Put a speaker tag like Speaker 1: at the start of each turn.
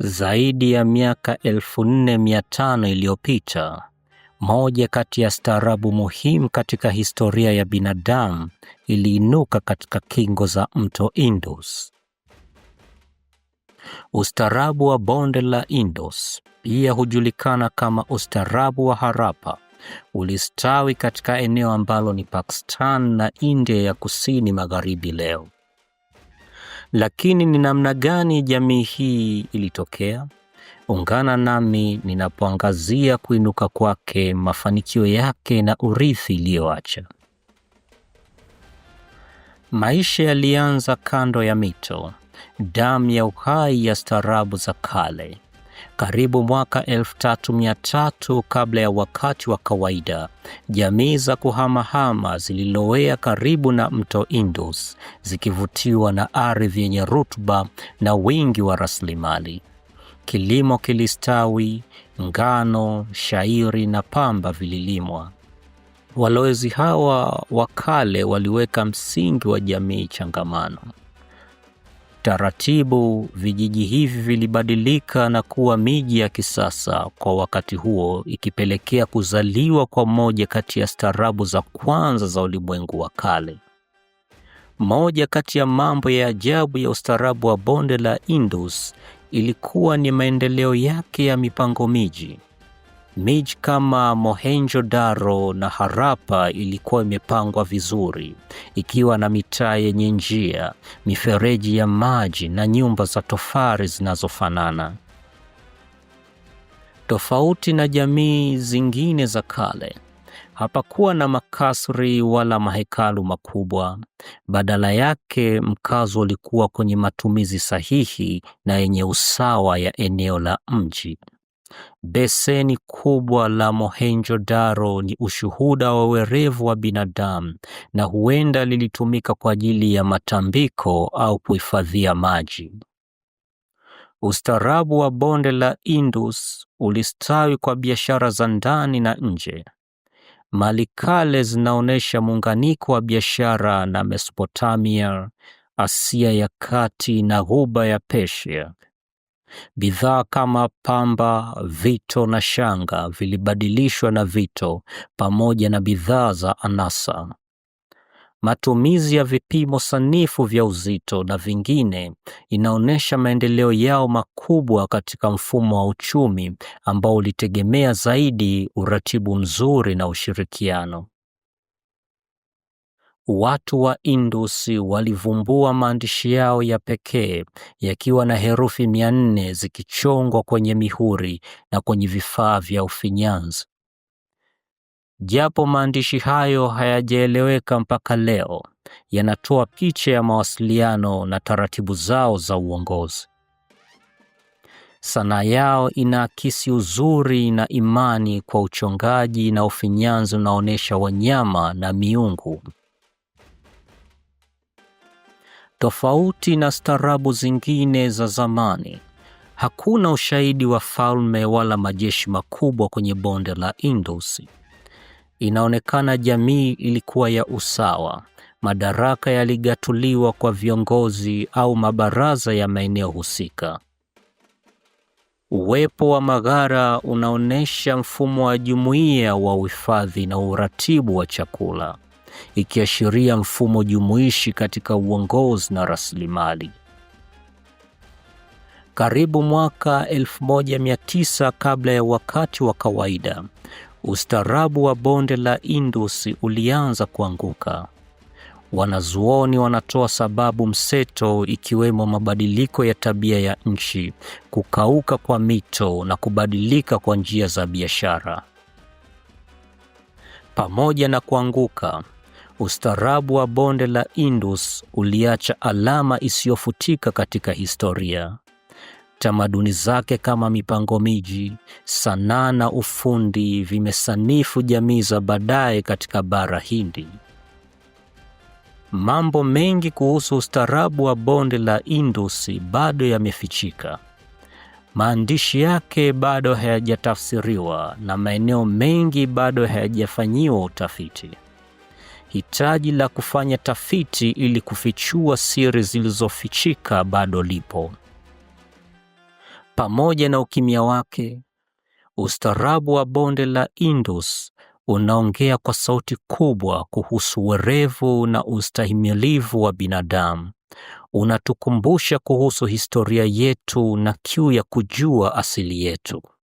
Speaker 1: Zaidi ya miaka 4500 iliyopita, moja kati ya staarabu muhimu katika historia ya binadamu iliinuka katika kingo za mto Indus. Ustaarabu wa bonde la Indus pia hujulikana kama ustaarabu wa Harappa ulistawi katika eneo ambalo ni Pakistan na India ya kusini magharibi leo lakini ni namna gani jamii hii ilitokea? Ungana nami ninapoangazia kuinuka kwake, mafanikio yake na urithi iliyoacha. Maisha yalianza kando ya mito, damu ya uhai ya staarabu za kale. Karibu mwaka 3300 kabla ya wakati wa kawaida, jamii za kuhamahama zililowea karibu na mto Indus zikivutiwa na ardhi yenye rutuba na wingi wa rasilimali. Kilimo kilistawi, ngano, shairi na pamba vililimwa. Walowezi hawa wa kale waliweka msingi wa jamii changamano. Taratibu vijiji hivi vilibadilika na kuwa miji ya kisasa kwa wakati huo, ikipelekea kuzaliwa kwa moja kati ya staarabu za kwanza za ulimwengu wa kale. Moja kati ya mambo ya ajabu ya ustaarabu wa bonde la Indus ilikuwa ni maendeleo yake ya mipango miji. Miji kama Mohenjo-Daro na Harappa ilikuwa imepangwa vizuri, ikiwa na mitaa yenye njia, mifereji ya maji na nyumba za tofari zinazofanana. Tofauti na jamii zingine za kale, hapakuwa na makasri wala mahekalu makubwa. Badala yake, mkazo ulikuwa kwenye matumizi sahihi na yenye usawa ya eneo la mji. Beseni kubwa la Mohenjo-Daro ni ushuhuda wa werevu wa binadamu na huenda lilitumika kwa ajili ya matambiko au kuhifadhia maji. Ustaarabu wa bonde la Indus ulistawi kwa biashara za ndani na nje. Mali kale zinaonyesha muunganiko wa biashara na Mesopotamia, Asia ya Kati na Ghuba ya Persia. Bidhaa kama pamba, vito na shanga vilibadilishwa na vito pamoja na bidhaa za anasa. Matumizi ya vipimo sanifu vya uzito na vingine inaonyesha maendeleo yao makubwa katika mfumo wa uchumi ambao ulitegemea zaidi uratibu mzuri na ushirikiano. Watu wa Indus walivumbua maandishi yao ya pekee yakiwa na herufi mia nne zikichongwa kwenye mihuri na kwenye vifaa vya ufinyanzi. Japo maandishi hayo hayajaeleweka mpaka leo, yanatoa picha ya mawasiliano na taratibu zao za uongozi. Sanaa yao inaakisi uzuri na imani kwa uchongaji na ufinyanzi unaonyesha wanyama na miungu Tofauti na starabu zingine za zamani, hakuna ushahidi wa falme wala majeshi makubwa kwenye bonde la Indus. Inaonekana jamii ilikuwa ya usawa. Madaraka yaligatuliwa kwa viongozi au mabaraza ya maeneo husika. Uwepo wa maghara unaonyesha mfumo wa jumuiya wa uhifadhi na uratibu wa chakula ikiashiria mfumo jumuishi katika uongozi na rasilimali. Karibu mwaka 1900 kabla ya wakati wa kawaida, ustaarabu wa bonde la Indus ulianza kuanguka. Wanazuoni wanatoa sababu mseto ikiwemo mabadiliko ya tabia ya nchi, kukauka kwa mito na kubadilika kwa njia za biashara. Pamoja na kuanguka, Ustaarabu wa bonde la Indus uliacha alama isiyofutika katika historia. Tamaduni zake kama mipango miji, sanaa na ufundi vimesanifu jamii za baadaye katika bara Hindi. Mambo mengi kuhusu ustaarabu wa bonde la Indus bado yamefichika. Maandishi yake bado hayajatafsiriwa na maeneo mengi bado hayajafanyiwa utafiti hitaji la kufanya tafiti ili kufichua siri zilizofichika bado lipo. Pamoja na ukimya wake, ustaarabu wa bonde la Indus unaongea kwa sauti kubwa kuhusu werevu na ustahimilivu wa binadamu. Unatukumbusha kuhusu historia yetu na kiu ya kujua asili yetu.